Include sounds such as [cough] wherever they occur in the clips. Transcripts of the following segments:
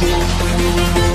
Thank you.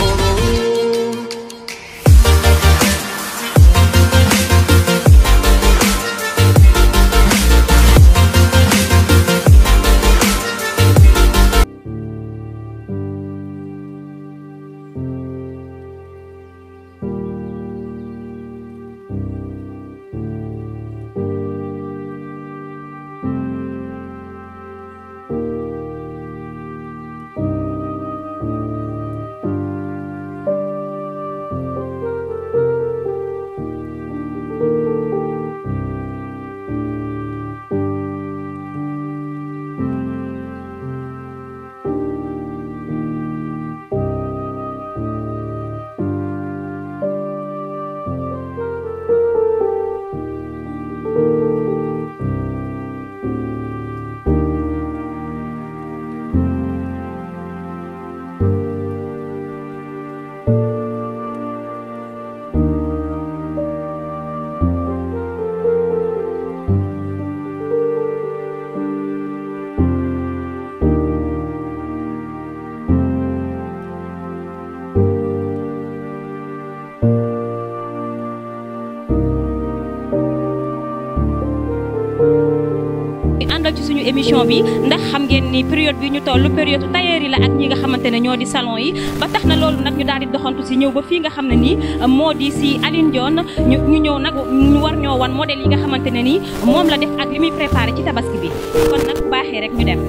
suivre émission bi ndax xam ngeen ni période bi ñu toll période tailleur yi la ak ñii nga xamante ne ñoo di salon yi ba tax na loolu nag ñu daal di doxantu si ñëw ba fii nga xam ne nii moo di si Alioune Dione ñu ñu ñëw nag ñu war ñoo wan modèle yi nga xamante ne nii moom la def ak li muy préparé ci tabaski bi kon nag baaxee rek ñu dem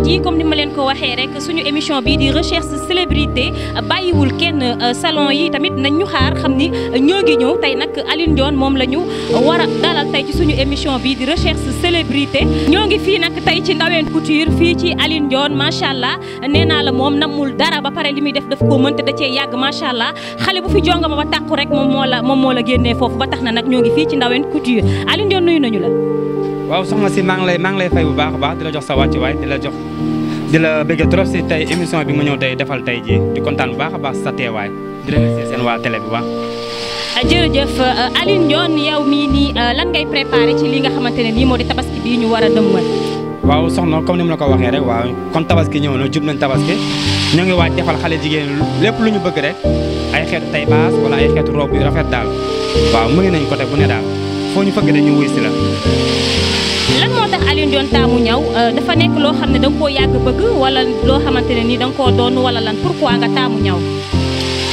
internautes yi comme ni ma leen ko waxee rek suñu émission bi di recherche célébrité bayiwul kenn euh, salon yi tamit nañu xaar xamni ñogi ñew tay nak Aline Dion mom lañu wara dalal tay ci suñu émission bi di recherche célébrité ñogi fi nak tay ci ndawen Couture fi ci Aline Dion machallah allah nee la moom namul dara ba paré li def daf ko mënta da ci yag machallah xalé bu fi jongama ba takku rek mom mo la mom mo la génné fofu ba taxna nak ñogi fi ci ndawen Couture Aline Dion nuyu nañu la waaw soxna si maa lay maa lay fay bu baax baax di la jox sa waay di la jox di la bëgg trop si tey émission bi nga ñëw tey defal tey jii di kontaan bu baax a baax sa teewaay di remercier seen waa télé bu baax. jërëjëf euh, Alioune Ndione yow mii nii euh, lan ngay préparé ci li nga xamante nii moo di tabaski bii ñu war a dëmmal. waaw soxna comme ni ma la ko waxee rek waaw kon tabaski ñëw na jub nañ tabaski ñoo ngi waaj defal xale jigéen lépp lu ñu bëgg rek ay xeetu tay yu rafet daal waaw mu ngi nañ côté bu ne daal foo ñu fëgg dañu wuy si la lan moo tax ndion Dione taamu ñaw euh, dafa nek lo xamne dang ko yag bëgg wala lo xamantene ni dang ko doon wala lan pourquoi nga taamu ñaw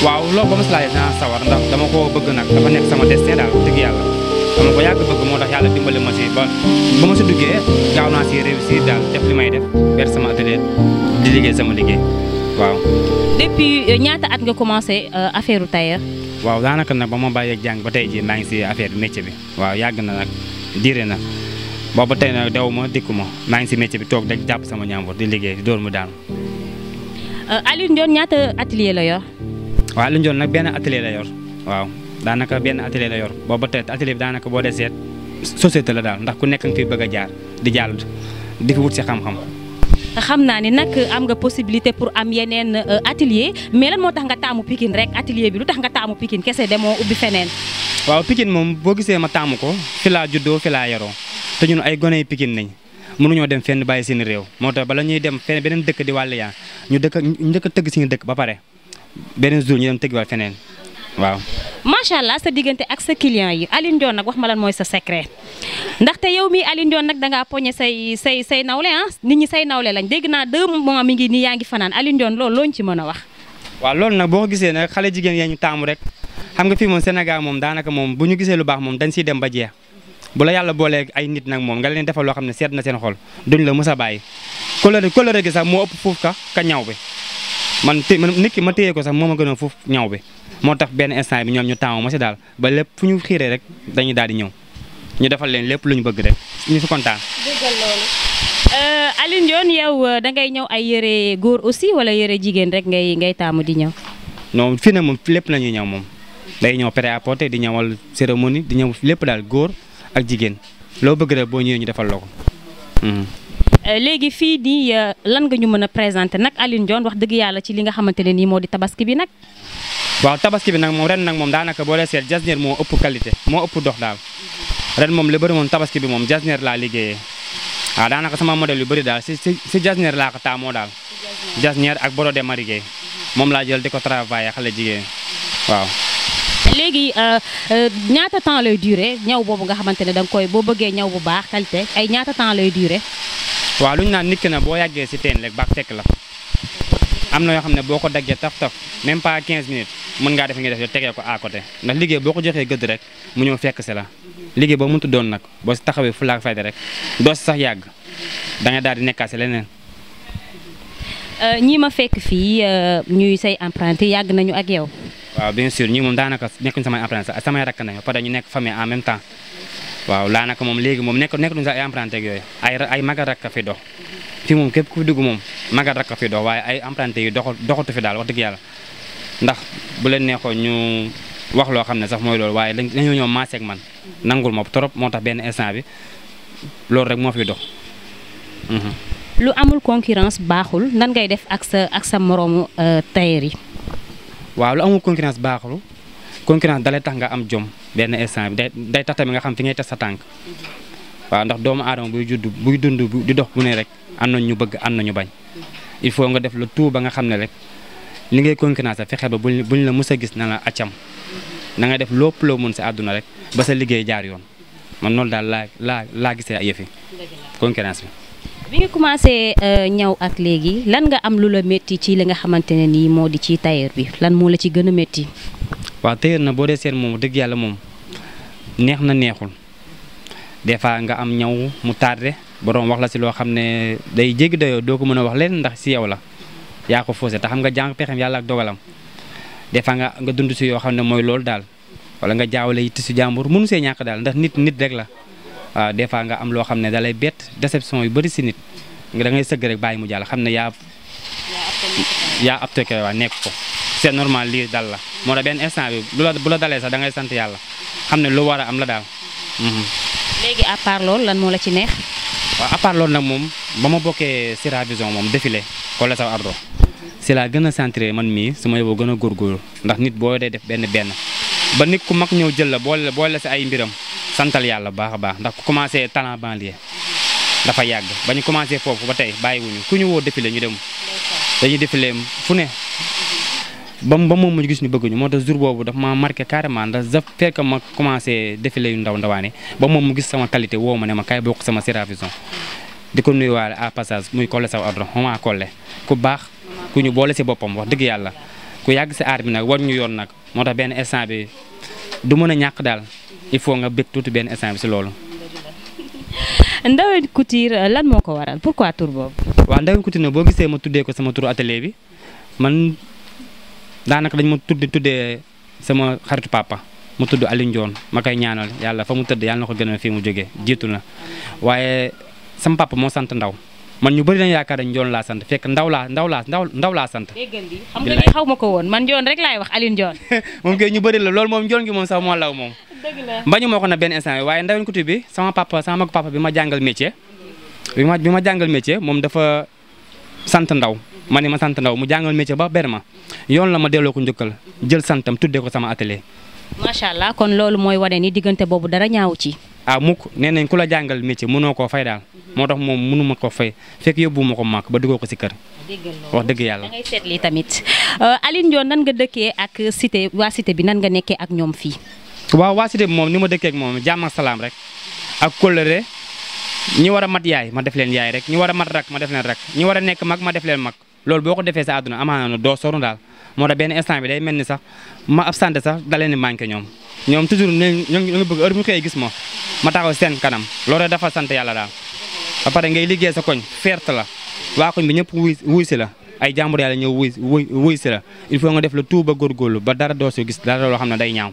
waaw lo ba mos laay naa sawar ndax dama ko bëgg nak dafa nek sama destin dal deug yalla dama ko yag bëgg moo tax yàlla dimbali ma ci ba ba ma si gaaw na ci réussir dal def limay def ber sama atelier di liggé sama liggé waaw depuis euh, ñaata at nga commencé euh, affaire tailleur waaw daanaka nak ba ma bàyyeeg jang ba tay ji ma ngi ci affaire métier bi waaw yag na nak diré na boobu tey nag dew ma dikku ma maa ngi si métier bi toog rek jàpp sama ñaambur di liggéey di dóor mu daanu. Euh, Aliou Ndione ñaata atelier la yor. waaw Aliou Ndione nag benn atelier la yor waaw daanaka benn atelier la yor boobu tey atelier bi daanaka boo dee seet société la daal ndax ku nekk nga fi bëgg a jaar di jàll di fi wut si xam-xam. xam naa ni nag am nga possibilité pour am yeneen euh, atelier mais lan moo tax nga taamu Pikine rek atelier bi lu tax nga taamu Pikine kese demoo ubbi feneen. waaw Pikine moom boo gisee ma taamu ko filaa laa juddoo fi laa yaroo te ñun ay gone yi Pikine nañ mënuñoo dem fenn bàyyi seen réew moo tax bala ñuy dem fenn beneen dëkk di wàll yaa ñu dëkk ñu dëkk tëgg suñu dëkk ba pare beneen jour ñu dem tëgg wàll feneen waaw. macha allah sa diggante ak sa client yi Alioune Ndione wax ma lan mooy sa secret ndaxte yow mii Alioune Ndione nag dangaa poñe say say say nawle ah nit ñi say nawle lañ dégg naa deux mois mi ngi nii yaa ngi fanaan Alioune Ndione loolu looñ ci mën a wax. waaw loolu nag boo ko gisee nag xale jigéen yaa ñu taamu rek xam nga fii moom Sénégal moom daanaka moom bu ñu gisee lu baax moom dañ siy dem ba jeex bu la yàlla boolee ay nit nag moom nga leen defal loo xam ne seet na seen xol duñ la mës a bàyyi colère colère gi sax moo ëpp fuuf ka ka ñaw bi man man nit ki ma téyee ko sax moom a gën a fuuf ñaw bi moo tax benn instant bi ñoom ñu taamu ma si daal ba lépp fu ñu xiiree rek dañuy daal di ñëw ñu defal leen lépp lu ñu bëgg rek ñu si kontaan. dëggal loolu euh, yow euh, da ngay ñëw ay yëre góor aussi wala yëre jigéen rek ngay ngay taamu di ñëw. non fii ne moom lépp la ñuy ñëw moom day ñëw prêt-à-porter di ñëwal cérémonie di ñëw lépp daal góor. ak jigéen loo bëgg rek boo ñëwee ñu defal la hmm. euh, léegi fii nii euh, lan nga ñu mën a présenter nag Alioune Dione wax dëgg yàlla ci li nga xamante ne nii moo di tabaski bi nag. waaw tabaski bi nag moom ren nag moom daanaka boo dee seet jasneer moo ëpp qualité moo ëpp dox daal ren moom li bëri moom tabaski bi moom jasneer laa liggéeyee waaw ah, daanaka sama modèle yu bëri daal si si si jasneer laa ko taamoo daal. jasneer ak borodé marigé moom laa jël di ko travailler xale jigéen waaw. léegi euh, euh, ñaata temps lay durer ñaw boobu nga xamante ne da koy boo bëggee ñaw bu baax qualité ay ñaata temps lay durer. waaw lu ñu naan nit ki boo yàggee si teen rek baax fekk la am na yoo xam ne boo ko daggee taf taf même pas 15 minutes mën ngaa def nga def tegee ko à côté ndax liggéey boo ko joxee gëdd rek mu ñëw fekk si la liggéey boo mënut doon nag boo si taxawee fulaak fayda rek doo si sax yàgg da nga daal di nekkaat si leneen. Euh, ñii ma fekk fii ñuy say emprunté yàgg nañu ak yow. waaw bien sûr ñi moom daanaka nekkuñu samay apprenti samay rakk nañu peut-être ñu nekk famille en temps waaw laanaka moom léegi moom nekk nekk duñu sax ay apprenti yooyu ay ay rakk fi dox fi moom képp ku fi dugg moom maga rakk fi dox waaye ay apprenti yi dox doxatu fi daal wax dëgg yàlla ndax bu leen neexoon ñu wax loo xam ne sax mooy loolu waaye dañoo ñëw maase ak man nangul ma trop moo tax benn instant bi loolu rek moo fi dox mhm. lu amul sa ak sa euh, waaw lu amul concurrence baaxul concurrence dalay tax nga am jom benn instant bi day day tax tamit nga xam fi ngay teg sa tànk waaw ndax doomu aadama buy judd buy dund di dox bu ne rek am na ñu bëgg am na ñu bañ il faut nga def la tout ba nga xam ne rek li ngay concurrence fexe ba bu ñu la mës a gis na la acam na nga def lépp loo mën si àdduna rek ba sa liggéey jaar yoon man noonu daal laa laa laa gisee yëfi concurrence bi commencé euh, ñaw ak léegi lan nga am lu la métti ci la nga xamante ne nii moo di ci tailleur bi lan moo la ci gën a métti. waaw tailleur na boo dee seen moom dëgg yàlla moom neex na neexul des fois nga am ñaw mu tardé borom wax la si loo xam ne day jéggi dayoo doo ko mën a wax leen ndax si yow la yaa ko faussé te xam nga jàng pexem yàlla ak dogalam des fois nga nga dund si yoo xam ne mooy loolu daal wala nga jaawale it si jàmbur mënu see ñàkk daal ndax nit nit rek la. waaw euh, des fois nga am loo xam ne da bett déception yu bëri si nit da ngay sëgg rek bàyyi mu jàll xam ne yaa yaa apteke waa nekk ko c'est normal lii dal la moo tax benn instant bi bu la dalee sax da ngay sant yàlla xam ne lu war a am la daal. Mhm. léegi à part lan moo la ci neex. waa à part nag moom ba ma bokkee Sira Vision moom défilé Collé Sow Ardo si laa gën a centré man mii su ma yóbboo gën a góorgóorlu ndax nit boo dee def benn benn ba nit ku mag ñëw jël la boole la ay mbiram. santal yàlla bu baax a baax ndax ku commencé talent banlieue dafa yàgg ba ñu commencé foofu ba tey bàyyiwuñu ku ñu woo défilé ñu dem dañuy défilé fu ne ba ba moom muñu gis ñu bëgg ñu moo tax jour boobu daf ma marqué carrément ndax da fekk ma commencé défilé yu ndaw ndawaane ba moom mu gis sama qualité woo ma ne ma kaay bokk sama séravison di ko nuyuwaale à passage muy Collé sa Addo mama Collé ku baax ku ñu boole si boppam wax dëgg yàlla ku yàgg si aar bi nag war ñu yoon nag moo tax benn instant bi du mën a ñàkk daal il faut nga bëgg tuuti benn instant bi si loolu. [laughs] Ndawen Couture lan moo ko waral pourquoi tur boobu. waaw Ndawen Couture nag boo gisee ma tuddee ko sama tur atelier bi man daanaka dañ ma tudd tuddee sama xaritu papa mu tudd Aliou Ndione ma koy ñaanal yàlla fa mu tëdd yàlla na ko gënal fii mu jógee jiitu na waaye sama papa moo sant Ndaw. man ñu bëri dañ yaakaar dañ Njoon laa sant fekk ndaw laa ndaw laa ndaw ndaw laa sant. xam nga xaw ma ko woon man Njoon rek laay wax [laughs] la loolu moom bañu moko na ben instant waye ndawen bi sama papa sama mag papa bi ma jangal métier bi ma bi ma santan métier mom dafa sante ndaw ma ma sante ndaw mu jangal métier ba berma. Yon la ma delo ko ndukal jël santam tuddé ko sama atelier. macha allah kon lolu moy wane ni digënté bobu dara ñaaw ci. ah muk nenañ kula jangal métier mëno ko fay dal motax mom moom mënu ma ko fay fek yóbbu ko ba duggo ko ci kër. wax deug yalla ngay tamit euh, Aline ndion nan nga dëkke ak cité wa cité bi nan nga nekké ak ñom fi wa waa mom, bi moom ni ma dëkkee ak mom jamm salam rek ak kóllëre ñi wara mat yaay ma def leen yaay rek ñi wara mat rak ma def leen rak ñi wara nek mag ma def leen mag lool boko ko sa aduna amana do doo dal mo da ben instant bi day melni ni sax ma absenté sax da leen di ñom ñoom toujours ñu ngi bëgg heure bu xey gis ma ma taxaw seen kanam loolu dafa sant yalla dal ba pare ngay liggé sa koñ fert la wa koñ bi ñepp wuy si la ay jambour yalla ñew wuy wuy si la il faut nga def le tout ba gorgolu ba dara do so gis dara lo xamna day ñaaw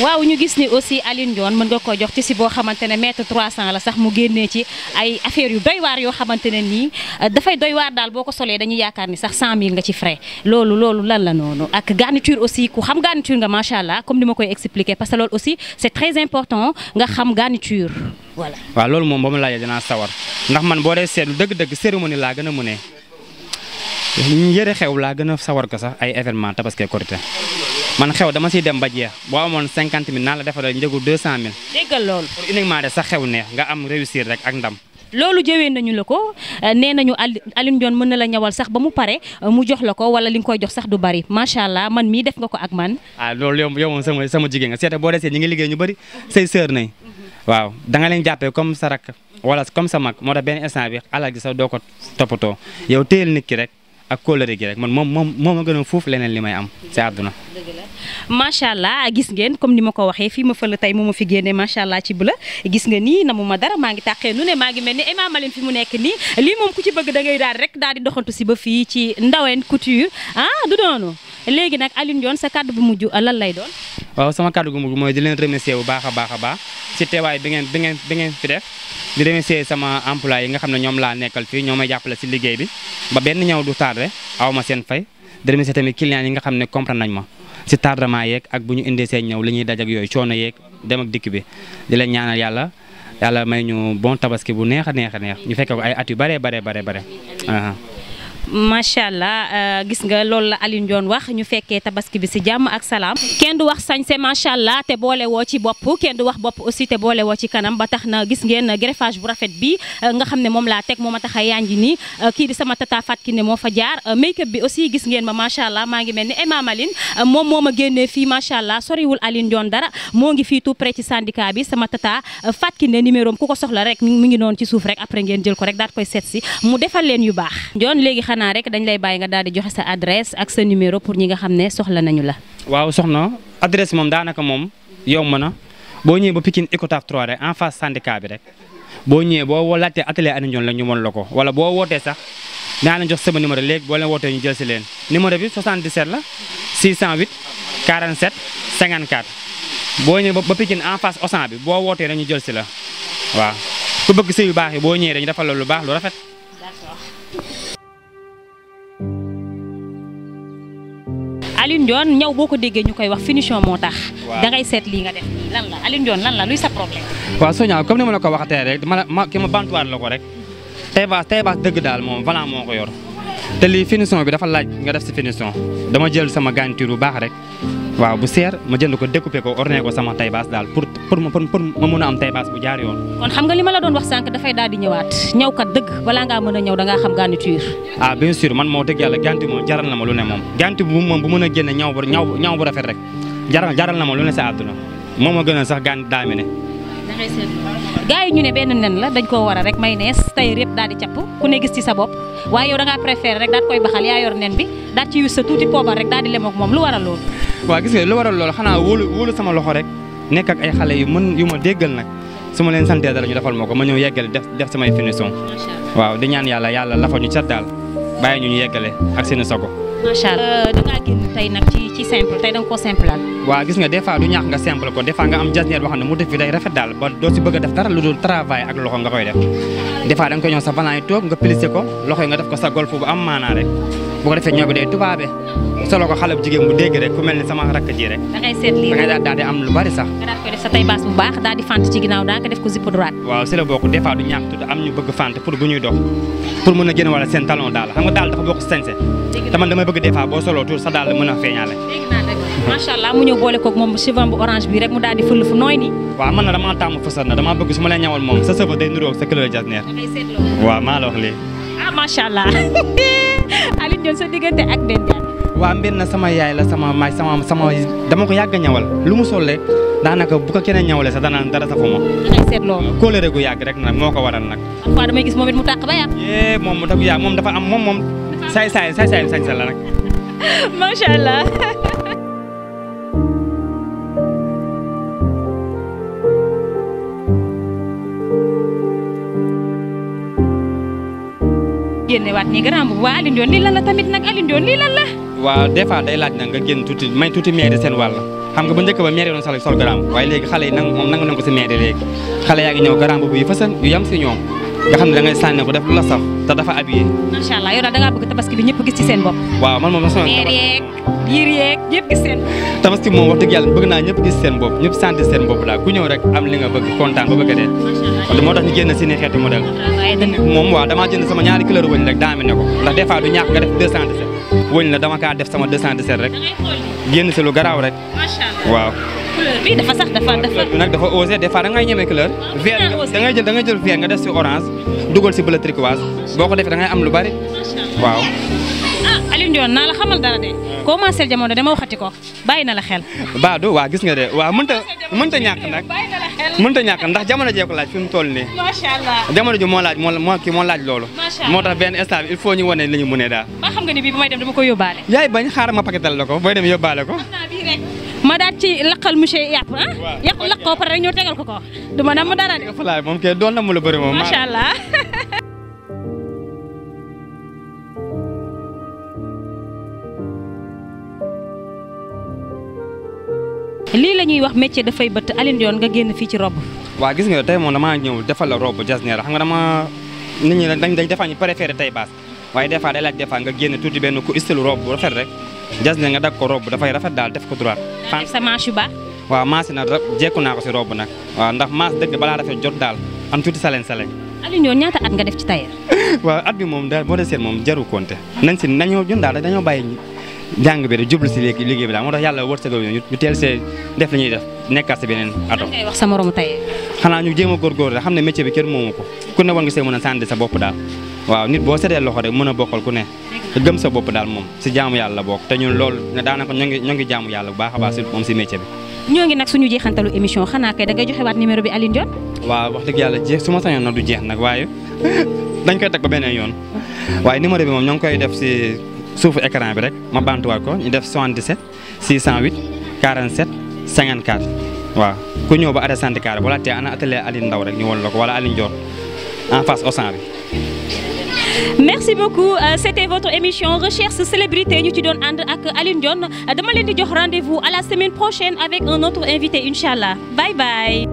waaw ñu gis ni aussi alin Ndione mën nga koo jox ci si boo xamante ne mètre 300 la sax mu génnee ci ay affaire yu doy waar yoo xamante ne nii euh, dafay doy waar daal boo ko solee dañuy yaakaar ni sax 100000 nga ci frais loolu loolu lan la noonu ak garniture aussi ku xam garniture nga macha allah comme ni ma koy expliquer parce que loolu aussi c'est très important nga xam garniture voilà. waaw loolu moom ba mu laajee dinaa sawar ndax man boo dee seetlu dëgg-dëgg cérémonie laa gën a mënee yére xew laa gën sawar ko sax ay événement tabaski korité man xew dama ci dem ba jeex bo amone cinquante mille naa la defal njëgu deux cent mille. déggal loolu. pour uniquement de sa xew neex nga am réussir rek ak ndam. lolu jewé nañu lako ko euh, nee nañu Alioune Dione mën la ñawal sax ba mu paré euh, mu jox lako wala li nga koy jox sax du bari macha allah man mi def nga ko ak man. ah lolu yow yow sama sama jigé nga seete boo desee ñi ngi liggé ñu bari say sœur nañ mhm. waaw da nga leen jappé comme sa rakk wala comme sa mak mo da ben instant bi alal gi sa doo ko toppatoo yow téel nit ki rek ak kóllëre gi rek man moom moom moom a gën a fuuf leneen li may am si àdduna. macha allah gis ngeen comme ni ma ko waxee fii ma fële tey moom ma fi génne macha allah ci bula gis nga nii na mu ma dara maa ngi tàqee nu ne maa ngi mel ni Ema Malène fi mu nekk nii lii moom ku ci bëgg da ngay daal rek daal di doxantu si ba fii ci Ndaween Couture ah du doonu léegi nag alin Dione sa kàddu bu mujj lan lay doon. waaw sama kàddu gu mujj mooy di leen remercier bu baax a baax a baax ci teewaay bi ngeen bi ngeen bi ngeen fi def di remercier sama employé yi nga xam ne ñoom laa nekkal fii ñoo may jàppale si liggéey bi ba benn ñëw du taar aw ma seen fay di remercier tamit clients yi nga xam ne comprendre nañ ma ci tardement yeeg ak bu ñu indee seen ñëw li ñuy daj ak yooyu coono yeeg dem ak dikk bi di leen ñaanal yàlla yàlla may ñu bon tabaski bu neex a neex a neex ñu fekk ay at yu bare bare bare bare macha allah euh, gis nga loolu la Alioune Ndione wax ñu fekkee tabaski bi si jàmm ak salaam kenn du wax sañse macha allah te boole woo ci bopp kenn du wax bopp aussi te boole woo ci kanam ba tax na gis ngeen greffage bu rafet bi euh, nga xam ne moom laa teg moo ma tax a yanji nii euh, kii di sama tata Fatou Kiné moo fa jaar make bi aussi gis ngeen ma macha allah maa ngi mel ni Emma Maline moom moo ma génnee fii macha allah soriwul Alioune Ndione dara moo ngi fii tout près ci bi sama tata Fatou Kiné numéro am ko soxla rek mi ngi noonu ci suuf rek après ngeen jël ko rek daat koy xanaa rek dañ lay bàyyi nga daal di joxe sa adresse ak sa numéro pour ñi nga xam ne soxla nañu la. waaw soxna adresse moom daanaka moom yomb na boo ñëwee ba Pikine Icotaf 3 rek en face syndicat bi rek boo ñëwee boo ñu mën la ko wala boo wootee sax naa la jox sama numéro léegi boo leen wootee ñu jël leen numéro bi la 608 47 54 boo ñëwee ba Pikine en face Auchan bi boo wootee rek ñu jël si la la lu baax lu rafet. Alioune Ndione ñaw boo ko déggee ñu koy wax finition moo tax. da ngay seet lii nga def nii lan la Alioune Ndione lan la luy sa problème. waaw Sonia comme ni ma la ko waxtee rek ma ma ki ma bantuwaat la ko rek tey baas tey baas dëgg daal moom valant moo ko yor te lii finition bi dafa laaj nga def si finition dama jël sama garniture bu baax rek. waaw bu seer ma jënd ko découpé ko orné ko sama taybaas daal pour pour ma mën a am taybaas bu jaar yoon. kon xam nga li ma la doon wax sànq dafay daal di ñëwaat ñëw dëgg balaa ngaa mën a ñëw da ngaa xam garniture. ah bien sûr man moo dëgg yàlla ganti moom ma lu a ñaw bu rafet rek jaral na ma lu ne sa àdduna moom a gënal sax ganti daa ne. da ngay seetlu gars yi ñu ne benn nen la dañ koo war a rek mayonnaise tey yëpp daal di capp ku ne gis ci sa bopp waaye da ngaa waaw gis nga lu waral loolu xanaa wóolu wóolu sama loxo rek nekk ay xale yu mën yu moo déggal nag su ma leen santee dara ñu defal ma ko ma ñëw yeggale def def samay finition waaw di ñaan yàlla yàlla lafa ñu cat daal bàyyi ñu ñu yeggale ak seen i sogo macha allah euh, da gis nga des du ñaax nga simple ko des nga am jasneer boo xam ne mu def day rafet daal ba doo si bëgg a def dara lu dul travail ak loxo nga koy def des fois koy ñëw sa banaa yi toog nga plissé ko loxo yi nga def ko sa golf bu am maanaa rek bu ko defee ñoo bi day ko xale sa tay baas bu baax daal di fant ci ginnaaw daal nga def ko zipp droite. waaw si la bokk des fois du ñàkk tudd am ñu bëgg fant pour bu ñuy dox pour mën a génn wala seen talon daal bëgg des fois boo soloo tuuti sa daal la mën a allah mu ñëw boole koog moom cheveux bu orange bi rek mu daal di fël fu nooy nii. waaw man na damaa tàmm fësal na damaa bëgg su ma lay ñawal moom sa cheveux day niroog sa kilo jasneer. waaw maa la wax lii. ah macha allah [laughs] Alioune Dione sa diggante ak Ben Diagne. waaw mbir na sama yaay la sama maay sama sama dama ko yàgg a ñawal lu mu sol rek daanaka bu ko keneen ñawalee sax danaan dara safuma. dangay seet loolu. kóolere gu yàgg rek nag moo ko waral nag. parfois damay gis moom mu tàq ba yàq. yee moom mu tàq yàq moom dafa am mom mom. saay saay saay saay sañ sa la nag. macha allah. génne waat nii grand boobu waa Alioune Dione lii lan la tamit nag Alioune Dione lii lan la. waaw des fois day laaj nag nga génn tuuti may tuuti mairie seen wàll xam nga bu njëkk ba mairie doon sol sol grand waaye léegi xale yi nang moom nangu nañ ko si mairie léegi xale yaa ngi ñëw grand boobu yu fasan yu yam si ñoom. nga xam ne da ngay sànni ko def lu la saf te dafa habillé. da ngaa bëgg tabaski bi ñëpp seen bopp. waaw man moom sama mère yeeg biir yeeg dëgg yàlla bëgg naa ñëpp gis seen bopp ñëpp sentir seen bopp daal ku ñëw rek am li nga bëgg kontaan ba bëgg a dee. macha allah moo tax ñu génn si ni xeetu modèle. moom waaw damaa jënd sama ñaari couleur wëñ rek daami ne ko ndax des fois du ñàkk nga def 217. wëñ la dama kaa def sama 217 rek génn si lu garaaw rek waaw couleur dafa sax dafa dafa. nag dafa osé des fois da ngay ñeme couleur. vert da ngay jël da ngay jël vert nga def si orange dugal si bleu turquoise boo ko defee dangay am lu bari waaw. ah Aliou naa la xamal dara de commencé jamono dama waxati ko bàyyi na la xel. Badou waa gis nga de waaw mënut a mënut a ñàkk nag mënut a ñàkk ndax jamano jee ko laaj fi mu toll nii. macha allah jamono ji moo laaj moo kii moo laaj loolu. moo tax benn instant bi il faut ñu wane li ñu mënee daal. ba xam nga ni bii bu may dem dama ko yóbbaale. yaay bañ la ko booy dem yóbbaale ko. ma daal ci laqal monsieur yàpp ah. yàpp laq ko pare rek ñëw tegal ko ko. du ma namm dara de. moom kay doon na mu la bëri moom. macha allah. [laughs] lii la ñuy wax métier dafay bëtt Alioune yoon nga génn fii ci rob waa gis nga tey moom damaa ñëw defal la rob jasneer xam nga dama nit ñi dañ dañ defaa ñu préféré tey baas waaye des fois day laaj des fois nga génn tuuti benn ku istalu rob rek. jas ne nga dag ko robe dafay rafet daal def ko droit. def sa manche yu baax. waaw manche nag jekku naa ko si robe nag. waaw ndax manche dëgg balaa rafet jot daal am tuuti salen salen. Aliou Ndiol ñaata at nga def ci tailleur. [laughs] waaw at bi moom daal boo dee seet moom jaru konte nañ si nañoo ñun daal dañoo bàyyi jàng bi rek jublu si léegi liggéey bi daal moo tax yàlla wërsëgal ñu ñu teel see def la ñuy def nekkaat si beneen atom ngay xanaa ñu jéem a góorgóorlu ko ne a sànni a bokkal la daanaka ñoo ngi jaamu yàlla bu a baax si moom si métier bi ñoo ngi nag suñu jeexantalu émission xanaa kay da ngay joxe waat numéro bi Alioune Dione waaw wax dëgg yàlla jeex su ma sañoon na du jeex nag waaye [laughs] dañ koy teg ba beneen yoon waaye numéro bi moom ñoo ngi koy def si suufu écran bi rek ma bantuwaat ko ñu def 77 608 47 54 waaw ku ñëw ba arrêt Sandikar wala té ana atelier Aline Ndaw rek ñu won la ko wala Aline Dior. en face au bi merci beaucoup euh, c'était votre émission recherche célébrité Nous ci donnons ànd ak Alioune Dione dama rendez-vous à la semaine prochaine avec un autre invité Inch'Allah. bye bye.